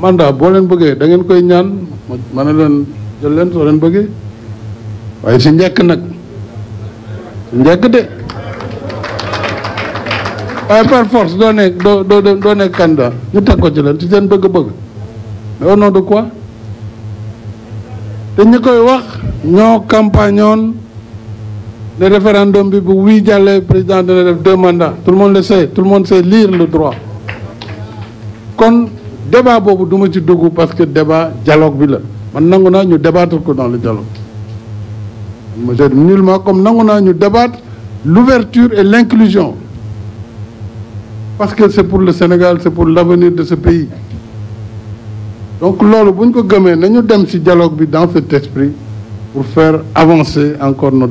mandat boo leen bëggee da ngeen koy ñaan ma ne leen jël leen soo leen bëggee waaye si njëkk nag si njëkk de waaye par force doo nekk doo doo nekk candidat ñu teg ko ci leen ci seen bëgg-bëgg mais au nom de te ñi koy wax ñoo campagne oon le référendum bi bu wii jàllee président dina def deux mandats tout le monde le tout le monde sait lire le droit kon débat boobu duma ci dugg parce que débat dialogue bi la man nangu naa ñu débattre ko dans le dialogue ma je comme nangu naa ñu débat débattre l'ouverture et l'inclusion parce que c'est pour le Sénégal c'est pour l'avenir de ce pays donc loolu bu ñu ko gëmee nañu dem ci dialogue bi dans cet esprit pour faire avancer encore